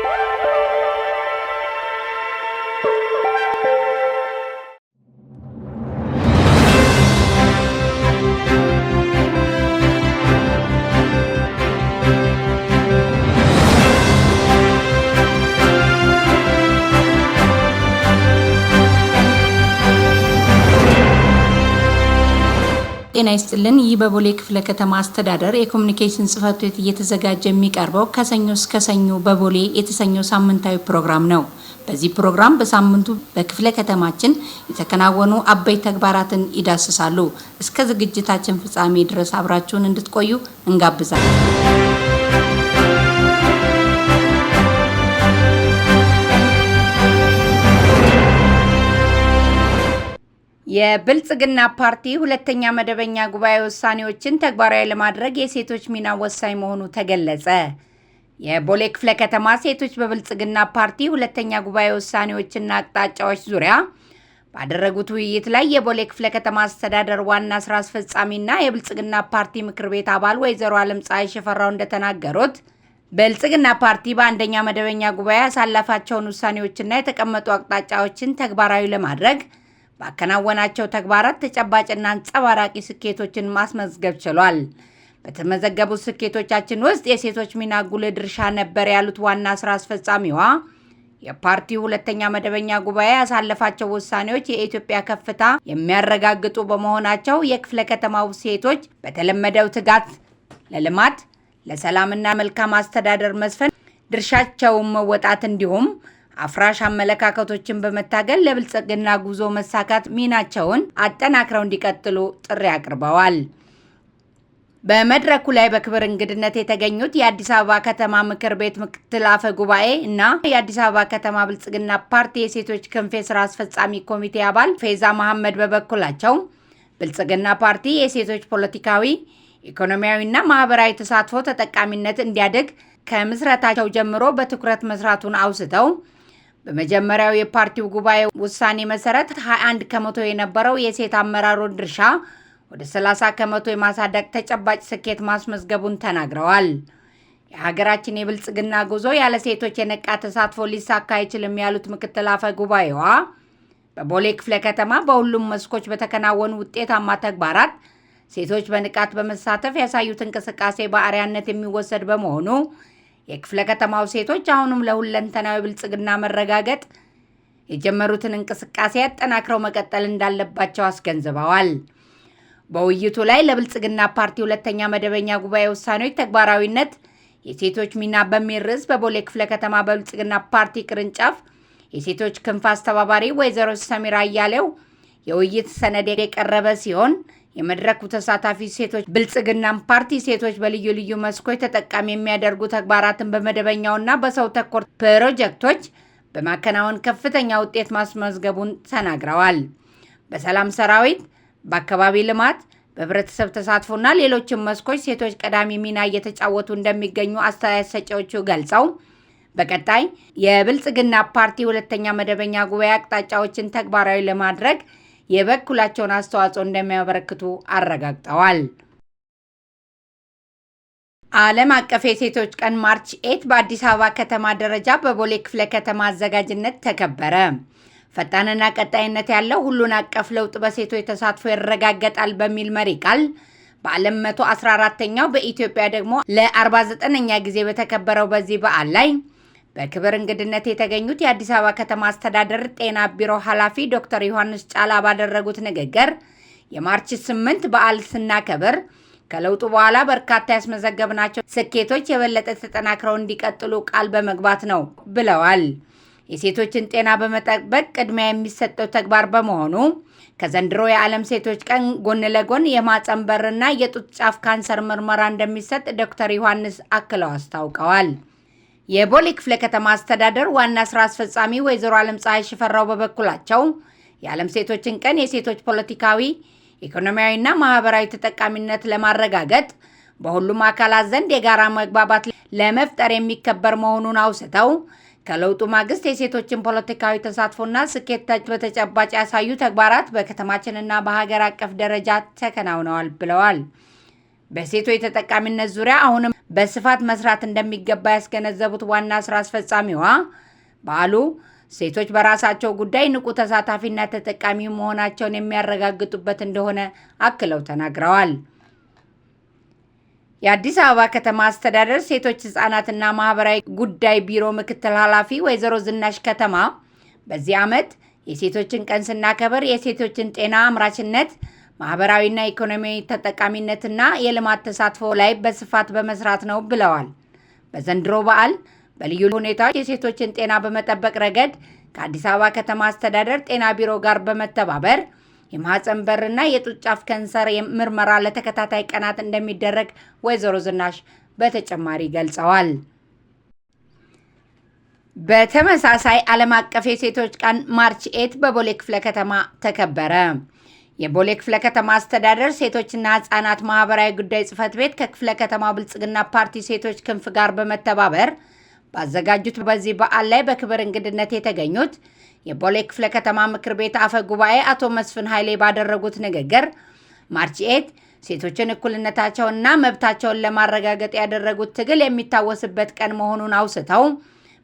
Bye. ጤና ይስጥልን። ይህ በቦሌ ክፍለ ከተማ አስተዳደር የኮሚኒኬሽን ጽፈት ቤት እየተዘጋጀ የሚቀርበው ከሰኞ እስከ ሰኞ በቦሌ የተሰኘው ሳምንታዊ ፕሮግራም ነው። በዚህ ፕሮግራም በሳምንቱ በክፍለ ከተማችን የተከናወኑ አበይ ተግባራትን ይዳስሳሉ። እስከ ዝግጅታችን ፍጻሜ ድረስ አብራችሁን እንድትቆዩ እንጋብዛለን። የብልጽግና ፓርቲ ሁለተኛ መደበኛ ጉባኤ ውሳኔዎችን ተግባራዊ ለማድረግ የሴቶች ሚና ወሳኝ መሆኑ ተገለጸ። የቦሌ ክፍለ ከተማ ሴቶች በብልጽግና ፓርቲ ሁለተኛ ጉባኤ ውሳኔዎችና አቅጣጫዎች ዙሪያ ባደረጉት ውይይት ላይ የቦሌ ክፍለ ከተማ አስተዳደር ዋና ስራ አስፈጻሚና የብልጽግና ፓርቲ ምክር ቤት አባል ወይዘሮ አለም ፀሐይ ሽፈራው እንደተናገሩት ብልጽግና ፓርቲ በአንደኛ መደበኛ ጉባኤ ያሳለፋቸውን ውሳኔዎችና የተቀመጡ አቅጣጫዎችን ተግባራዊ ለማድረግ ባከናወናቸው ተግባራት ተጨባጭና አንጸባራቂ ስኬቶችን ማስመዝገብ ችሏል። በተመዘገቡት ስኬቶቻችን ውስጥ የሴቶች ሚና ጉልህ ድርሻ ነበር ያሉት ዋና ስራ አስፈጻሚዋ የፓርቲው ሁለተኛ መደበኛ ጉባኤ ያሳለፋቸው ውሳኔዎች የኢትዮጵያ ከፍታ የሚያረጋግጡ በመሆናቸው የክፍለ ከተማው ሴቶች በተለመደው ትጋት ለልማት፣ ለሰላምና መልካም አስተዳደር መስፈን ድርሻቸውን መወጣት እንዲሁም አፍራሽ አመለካከቶችን በመታገል ለብልጽግና ጉዞ መሳካት ሚናቸውን አጠናክረው እንዲቀጥሉ ጥሪ አቅርበዋል። በመድረኩ ላይ በክብር እንግድነት የተገኙት የአዲስ አበባ ከተማ ምክር ቤት ምክትል አፈ ጉባኤ እና የአዲስ አበባ ከተማ ብልጽግና ፓርቲ የሴቶች ክንፍ የስራ አስፈጻሚ ኮሚቴ አባል ፌዛ መሐመድ በበኩላቸው ብልጽግና ፓርቲ የሴቶች ፖለቲካዊ፣ ኢኮኖሚያዊና ማህበራዊ ተሳትፎ ተጠቃሚነት እንዲያደግ ከምስረታቸው ጀምሮ በትኩረት መስራቱን አውስተው በመጀመሪያው የፓርቲው ጉባኤ ውሳኔ መሰረት 21 ከመቶ የነበረው የሴት አመራሩን ድርሻ ወደ 30 ከመቶ የማሳደግ ተጨባጭ ስኬት ማስመዝገቡን ተናግረዋል። የሀገራችን የብልጽግና ጉዞ ያለ ሴቶች የነቃ ተሳትፎ ሊሳካ አይችልም ያሉት ምክትል አፈ ጉባኤዋ በቦሌ ክፍለ ከተማ በሁሉም መስኮች በተከናወኑ ውጤታማ ተግባራት ሴቶች በንቃት በመሳተፍ ያሳዩት እንቅስቃሴ በአርአያነት የሚወሰድ በመሆኑ የክፍለ ከተማው ሴቶች አሁንም ለሁለንተናዊ ብልጽግና መረጋገጥ የጀመሩትን እንቅስቃሴ አጠናክረው መቀጠል እንዳለባቸው አስገንዝበዋል። በውይይቱ ላይ ለብልጽግና ፓርቲ ሁለተኛ መደበኛ ጉባኤ ውሳኔዎች ተግባራዊነት የሴቶች ሚና በሚል ርዕስ በቦሌ ክፍለ ከተማ በብልጽግና ፓርቲ ቅርንጫፍ የሴቶች ክንፍ አስተባባሪ ወይዘሮ ሰሚራ እያሌው የውይይት ሰነድ የቀረበ ሲሆን የመድረኩ ተሳታፊ ሴቶች ብልጽግናን ፓርቲ ሴቶች በልዩ ልዩ መስኮች ተጠቃሚ የሚያደርጉ ተግባራትን በመደበኛውና በሰው ተኮር ፕሮጀክቶች በማከናወን ከፍተኛ ውጤት ማስመዝገቡን ተናግረዋል። በሰላም ሰራዊት፣ በአካባቢ ልማት፣ በህብረተሰብ ተሳትፎና ሌሎችም መስኮች ሴቶች ቀዳሚ ሚና እየተጫወቱ እንደሚገኙ አስተያየት ሰጪዎቹ ገልጸው በቀጣይ የብልጽግና ፓርቲ ሁለተኛ መደበኛ ጉባኤ አቅጣጫዎችን ተግባራዊ ለማድረግ የበኩላቸውን አስተዋጽኦ እንደሚያበረክቱ አረጋግጠዋል። ዓለም አቀፍ የሴቶች ቀን ማርች ኤት በአዲስ አበባ ከተማ ደረጃ በቦሌ ክፍለ ከተማ አዘጋጅነት ተከበረ። ፈጣንና ቀጣይነት ያለው ሁሉን አቀፍ ለውጥ በሴቶች ተሳትፎ ይረጋገጣል በሚል መሪ ቃል በዓለም 114ኛው በኢትዮጵያ ደግሞ ለ49ኛ ጊዜ በተከበረው በዚህ በዓል ላይ በክብር እንግድነት የተገኙት የአዲስ አበባ ከተማ አስተዳደር ጤና ቢሮ ኃላፊ ዶክተር ዮሐንስ ጫላ ባደረጉት ንግግር የማርች ስምንት በዓል ስናከብር ከለውጡ በኋላ በርካታ ያስመዘገብናቸው ስኬቶች የበለጠ ተጠናክረው እንዲቀጥሉ ቃል በመግባት ነው ብለዋል። የሴቶችን ጤና በመጠበቅ ቅድሚያ የሚሰጠው ተግባር በመሆኑ ከዘንድሮ የዓለም ሴቶች ቀን ጎን ለጎን የማጸን በርና የጡት ጫፍ ካንሰር ምርመራ እንደሚሰጥ ዶክተር ዮሐንስ አክለው አስታውቀዋል። የቦሌ ክፍለ ከተማ አስተዳደር ዋና ስራ አስፈጻሚ ወይዘሮ ዓለም ፀሐይ ሽፈራው በበኩላቸው የዓለም ሴቶችን ቀን የሴቶች ፖለቲካዊ፣ ኢኮኖሚያዊና ማህበራዊ ተጠቃሚነት ለማረጋገጥ በሁሉም አካላት ዘንድ የጋራ መግባባት ለመፍጠር የሚከበር መሆኑን አውስተው ከለውጡ ማግስት የሴቶችን ፖለቲካዊ ተሳትፎና ስኬት በተጨባጭ ያሳዩ ተግባራት በከተማችንና በሀገር አቀፍ ደረጃ ተከናውነዋል ብለዋል። በሴቶች ተጠቃሚነት ዙሪያ አሁንም በስፋት መስራት እንደሚገባ ያስገነዘቡት ዋና ስራ አስፈጻሚዋ በዓሉ ሴቶች በራሳቸው ጉዳይ ንቁ ተሳታፊና ተጠቃሚ መሆናቸውን የሚያረጋግጡበት እንደሆነ አክለው ተናግረዋል። የአዲስ አበባ ከተማ አስተዳደር ሴቶች ህጻናትና ማህበራዊ ጉዳይ ቢሮ ምክትል ኃላፊ ወይዘሮ ዝናሽ ከተማ በዚህ ዓመት የሴቶችን ቀን ስናከብር የሴቶችን ጤና አምራችነት ማህበራዊና ኢኮኖሚያዊ ተጠቃሚነትና የልማት ተሳትፎ ላይ በስፋት በመስራት ነው ብለዋል። በዘንድሮ በዓል በልዩ ሁኔታዎች የሴቶችን ጤና በመጠበቅ ረገድ ከአዲስ አበባ ከተማ አስተዳደር ጤና ቢሮ ጋር በመተባበር የማህፀን በርና የጡት ጫፍ ካንሰር ምርመራ ለተከታታይ ቀናት እንደሚደረግ ወይዘሮ ዝናሽ በተጨማሪ ገልጸዋል። በተመሳሳይ ዓለም አቀፍ የሴቶች ቀን ማርች ኤት በቦሌ ክፍለ ከተማ ተከበረ። የቦሌ ክፍለ ከተማ አስተዳደር ሴቶችና ህጻናት ማህበራዊ ጉዳይ ጽህፈት ቤት ከክፍለ ከተማ ብልጽግና ፓርቲ ሴቶች ክንፍ ጋር በመተባበር ባዘጋጁት በዚህ በዓል ላይ በክብር እንግድነት የተገኙት የቦሌ ክፍለ ከተማ ምክር ቤት አፈ ጉባኤ አቶ መስፍን ኃይሌ ባደረጉት ንግግር ማርች ኤት ሴቶችን እኩልነታቸውንና መብታቸውን ለማረጋገጥ ያደረጉት ትግል የሚታወስበት ቀን መሆኑን አውስተው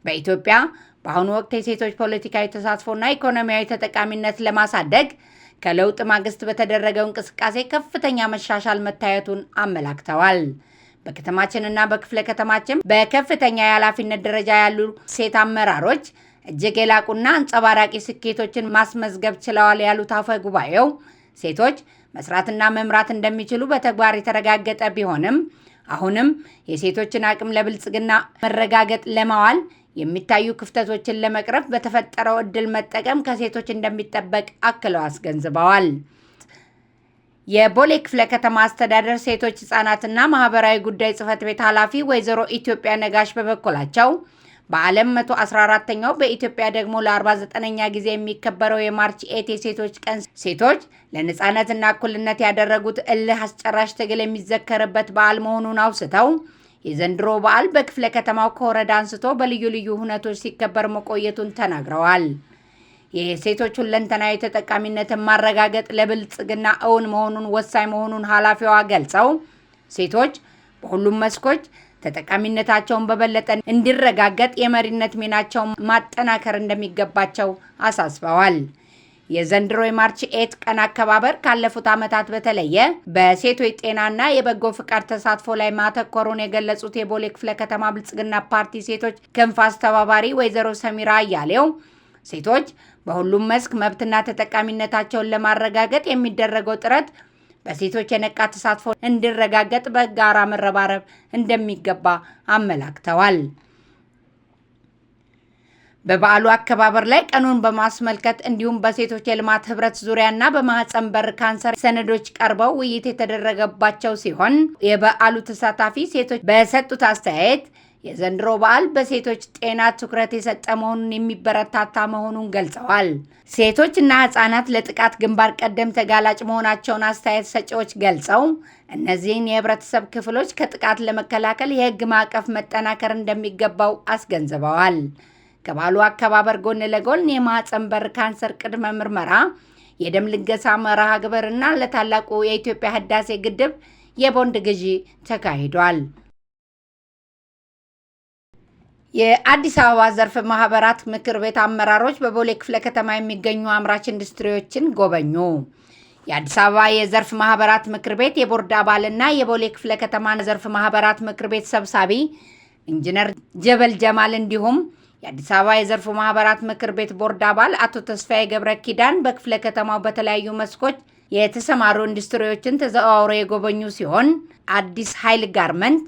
በኢትዮጵያ በአሁኑ ወቅት የሴቶች ፖለቲካዊ ተሳትፎና ኢኮኖሚያዊ ተጠቃሚነት ለማሳደግ ከለውጥ ማግስት በተደረገው እንቅስቃሴ ከፍተኛ መሻሻል መታየቱን አመላክተዋል። በከተማችንና በክፍለ ከተማችን በከፍተኛ የኃላፊነት ደረጃ ያሉ ሴት አመራሮች እጅግ የላቁና አንጸባራቂ ስኬቶችን ማስመዝገብ ችለዋል ያሉት አፈ ጉባኤው ሴቶች መስራትና መምራት እንደሚችሉ በተግባር የተረጋገጠ ቢሆንም አሁንም የሴቶችን አቅም ለብልጽግና መረጋገጥ ለማዋል የሚታዩ ክፍተቶችን ለመቅረፍ በተፈጠረው እድል መጠቀም ከሴቶች እንደሚጠበቅ አክለው አስገንዝበዋል። የቦሌ ክፍለ ከተማ አስተዳደር ሴቶች ህጻናትና ማህበራዊ ጉዳይ ጽህፈት ቤት ኃላፊ ወይዘሮ ኢትዮጵያ ነጋሽ በበኩላቸው በዓለም 114ኛው በኢትዮጵያ ደግሞ ለ49ኛ ጊዜ የሚከበረው የማርች ኤት የሴቶች ቀን ሴቶች ለነፃነትና እኩልነት ያደረጉት እልህ አስጨራሽ ትግል የሚዘከርበት በዓል መሆኑን አውስተው የዘንድሮ በዓል በክፍለ ከተማው ከወረዳ አንስቶ በልዩ ልዩ ሁነቶች ሲከበር መቆየቱን ተናግረዋል። የሴቶች ሁለንተናዊ ተጠቃሚነትን ማረጋገጥ ለብልጽግና እውን መሆኑን ወሳኝ መሆኑን ኃላፊዋ ገልጸው ሴቶች በሁሉም መስኮች ተጠቃሚነታቸውን በበለጠ እንዲረጋገጥ የመሪነት ሚናቸውን ማጠናከር እንደሚገባቸው አሳስበዋል። የዘንድሮ የማርች ኤት ቀን አከባበር ካለፉት ዓመታት በተለየ በሴቶች ጤናና የበጎ ፍቃድ ተሳትፎ ላይ ማተኮሩን የገለጹት የቦሌ ክፍለ ከተማ ብልጽግና ፓርቲ ሴቶች ክንፍ አስተባባሪ ወይዘሮ ሰሚራ አያሌው ሴቶች በሁሉም መስክ መብትና ተጠቃሚነታቸውን ለማረጋገጥ የሚደረገው ጥረት በሴቶች የነቃ ተሳትፎ እንዲረጋገጥ በጋራ መረባረብ እንደሚገባ አመላክተዋል። በበዓሉ አከባበር ላይ ቀኑን በማስመልከት እንዲሁም በሴቶች የልማት ህብረት ዙሪያና በማህፀን በር ካንሰር ሰነዶች ቀርበው ውይይት የተደረገባቸው ሲሆን የበዓሉ ተሳታፊ ሴቶች በሰጡት አስተያየት የዘንድሮ በዓል በሴቶች ጤና ትኩረት የሰጠ መሆኑን የሚበረታታ መሆኑን ገልጸዋል። ሴቶችና ህጻናት ለጥቃት ግንባር ቀደም ተጋላጭ መሆናቸውን አስተያየት ሰጪዎች ገልጸው እነዚህን የህብረተሰብ ክፍሎች ከጥቃት ለመከላከል የህግ ማዕቀፍ መጠናከር እንደሚገባው አስገንዝበዋል። ከባሉ አከባበር ጎን ለጎን የማህፀን በር ካንሰር ቅድመ ምርመራ፣ የደም ልገሳ መርሃ ግብርና ለታላቁ የኢትዮጵያ ህዳሴ ግድብ የቦንድ ግዢ ተካሂዷል። የአዲስ አበባ ዘርፍ ማህበራት ምክር ቤት አመራሮች በቦሌ ክፍለ ከተማ የሚገኙ አምራች ኢንዱስትሪዎችን ጎበኙ። የአዲስ አበባ የዘርፍ ማህበራት ምክር ቤት የቦርድ አባልና የቦሌ ክፍለ ከተማ ዘርፍ ማህበራት ምክር ቤት ሰብሳቢ ኢንጂነር ጀበል ጀማል እንዲሁም የአዲስ አበባ የዘርፉ ማህበራት ምክር ቤት ቦርድ አባል አቶ ተስፋዬ ገብረ ኪዳን በክፍለ ከተማው በተለያዩ መስኮች የተሰማሩ ኢንዱስትሪዎችን ተዘዋውሮ የጎበኙ ሲሆን አዲስ ኃይል ጋርመንት፣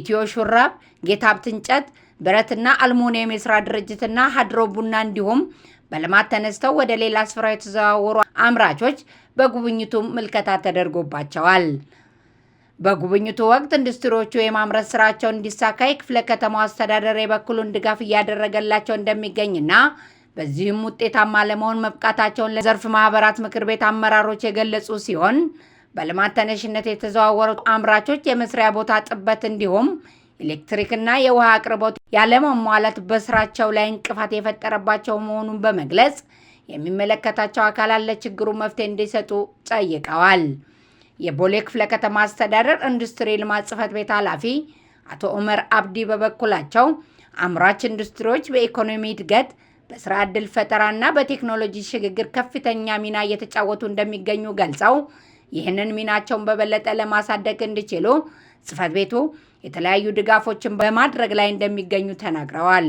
ኢትዮ ሹራብ፣ ጌታ ሀብት እንጨት፣ ብረትና አልሙኒየም የስራ ድርጅትና ሀድሮ ቡና እንዲሁም በልማት ተነስተው ወደ ሌላ ስፍራ የተዘዋወሩ አምራቾች በጉብኝቱ ምልከታ ተደርጎባቸዋል። በጉብኝቱ ወቅት ኢንዱስትሪዎቹ የማምረት ስራቸውን እንዲሳካ የክፍለ ከተማው አስተዳደር የበኩሉን ድጋፍ እያደረገላቸው እንደሚገኝና በዚህም ውጤታማ ለመሆን መብቃታቸውን ለዘርፍ ማህበራት ምክር ቤት አመራሮች የገለጹ ሲሆን በልማት ተነሽነት የተዘዋወሩት አምራቾች የመስሪያ ቦታ ጥበት እንዲሁም ኤሌክትሪክና የውሃ አቅርቦት ያለመሟላት በስራቸው ላይ እንቅፋት የፈጠረባቸው መሆኑን በመግለጽ የሚመለከታቸው አካላት ለችግሩ መፍትሄ እንዲሰጡ ጠይቀዋል። የቦሌ ክፍለ ከተማ አስተዳደር ኢንዱስትሪ ልማት ጽፈት ቤት ኃላፊ አቶ ዑመር አብዲ በበኩላቸው አምራች ኢንዱስትሪዎች በኢኮኖሚ እድገት በስራ ዕድል ፈጠራና በቴክኖሎጂ ሽግግር ከፍተኛ ሚና እየተጫወቱ እንደሚገኙ ገልጸው ይህንን ሚናቸውን በበለጠ ለማሳደግ እንዲችሉ ጽፈት ቤቱ የተለያዩ ድጋፎችን በማድረግ ላይ እንደሚገኙ ተናግረዋል።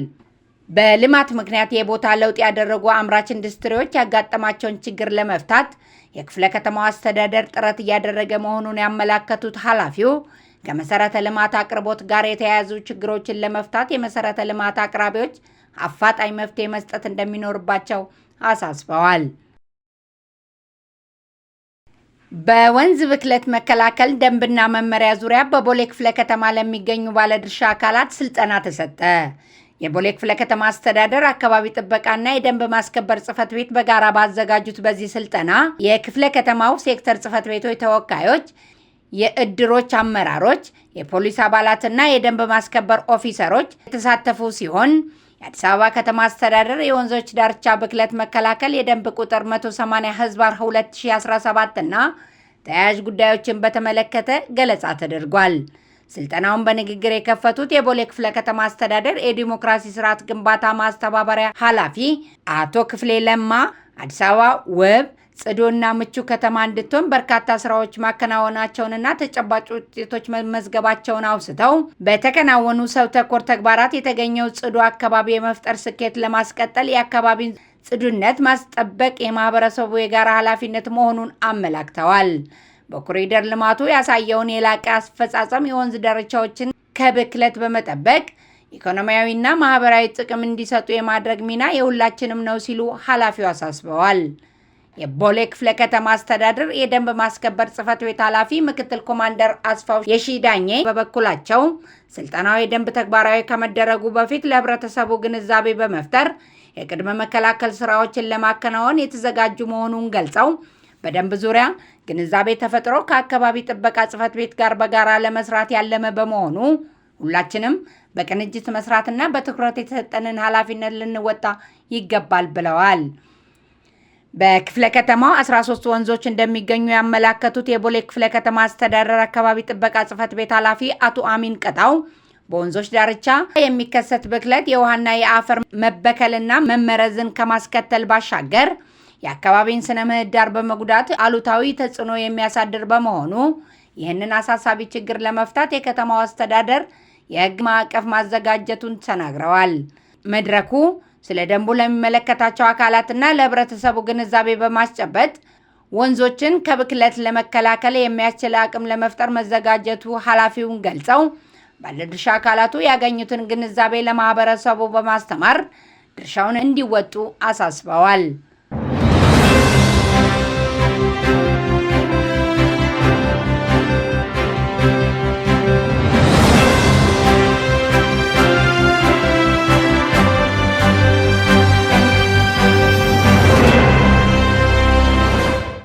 በልማት ምክንያት የቦታ ለውጥ ያደረጉ አምራች ኢንዱስትሪዎች ያጋጠማቸውን ችግር ለመፍታት የክፍለ ከተማው አስተዳደር ጥረት እያደረገ መሆኑን ያመላከቱት ኃላፊው ከመሰረተ ልማት አቅርቦት ጋር የተያያዙ ችግሮችን ለመፍታት የመሰረተ ልማት አቅራቢዎች አፋጣኝ መፍትሄ መስጠት እንደሚኖርባቸው አሳስበዋል። በወንዝ ብክለት መከላከል ደንብና መመሪያ ዙሪያ በቦሌ ክፍለ ከተማ ለሚገኙ ባለድርሻ አካላት ስልጠና ተሰጠ። የቦሌ ክፍለ ከተማ አስተዳደር አካባቢ ጥበቃና የደንብ ማስከበር ጽህፈት ቤት በጋራ ባዘጋጁት በዚህ ስልጠና የክፍለ ከተማው ሴክተር ጽህፈት ቤቶች ተወካዮች፣ የእድሮች አመራሮች፣ የፖሊስ አባላትና የደንብ ማስከበር ኦፊሰሮች የተሳተፉ ሲሆን የአዲስ አበባ ከተማ አስተዳደር የወንዞች ዳርቻ ብክለት መከላከል የደንብ ቁጥር 180 ህዝባር 2017 እና ተያያዥ ጉዳዮችን በተመለከተ ገለጻ ተደርጓል። ስልጠናውን በንግግር የከፈቱት የቦሌ ክፍለ ከተማ አስተዳደር የዲሞክራሲ ስርዓት ግንባታ ማስተባበሪያ ኃላፊ አቶ ክፍሌ ለማ አዲስ አበባ ውብ ጽዱና ምቹ ከተማ እንድትሆን በርካታ ስራዎች ማከናወናቸውንና ተጨባጭ ውጤቶች መመዝገባቸውን አውስተው በተከናወኑ ሰው ተኮር ተግባራት የተገኘው ጽዱ አካባቢ የመፍጠር ስኬት ለማስቀጠል የአካባቢን ጽዱነት ማስጠበቅ የማህበረሰቡ የጋራ ኃላፊነት መሆኑን አመላክተዋል። በኮሪደር ልማቱ ያሳየውን የላቀ አስፈጻጸም የወንዝ ዳርቻዎችን ከብክለት በመጠበቅ ኢኮኖሚያዊና ማህበራዊ ጥቅም እንዲሰጡ የማድረግ ሚና የሁላችንም ነው ሲሉ ኃላፊው አሳስበዋል። የቦሌ ክፍለ ከተማ አስተዳደር የደንብ ማስከበር ጽህፈት ቤት ኃላፊ ምክትል ኮማንደር አስፋው የሺዳኜ በበኩላቸው ስልጠናው የደንብ ተግባራዊ ከመደረጉ በፊት ለህብረተሰቡ ግንዛቤ በመፍጠር የቅድመ መከላከል ስራዎችን ለማከናወን የተዘጋጁ መሆኑን ገልጸው በደንብ ዙሪያ ግንዛቤ ተፈጥሮ ከአካባቢ ጥበቃ ጽፈት ቤት ጋር በጋራ ለመስራት ያለመ በመሆኑ ሁላችንም በቅንጅት መስራትና በትኩረት የተሰጠንን ኃላፊነት ልንወጣ ይገባል ብለዋል። በክፍለ ከተማው 13 ወንዞች እንደሚገኙ ያመላከቱት የቦሌ ክፍለ ከተማ አስተዳደር አካባቢ ጥበቃ ጽፈት ቤት ኃላፊ አቶ አሚን ቀጣው በወንዞች ዳርቻ የሚከሰት ብክለት የውሃና የአፈር መበከልና መመረዝን ከማስከተል ባሻገር የአካባቢን ስነ ምህዳር በመጉዳት አሉታዊ ተጽዕኖ የሚያሳድር በመሆኑ ይህንን አሳሳቢ ችግር ለመፍታት የከተማው አስተዳደር የህግ ማዕቀፍ ማዘጋጀቱን ተናግረዋል። መድረኩ ስለ ደንቡ ለሚመለከታቸው አካላትና ለህብረተሰቡ ግንዛቤ በማስጨበጥ ወንዞችን ከብክለት ለመከላከል የሚያስችል አቅም ለመፍጠር መዘጋጀቱ ኃላፊውን ገልጸው ባለድርሻ አካላቱ ያገኙትን ግንዛቤ ለማህበረሰቡ በማስተማር ድርሻውን እንዲወጡ አሳስበዋል።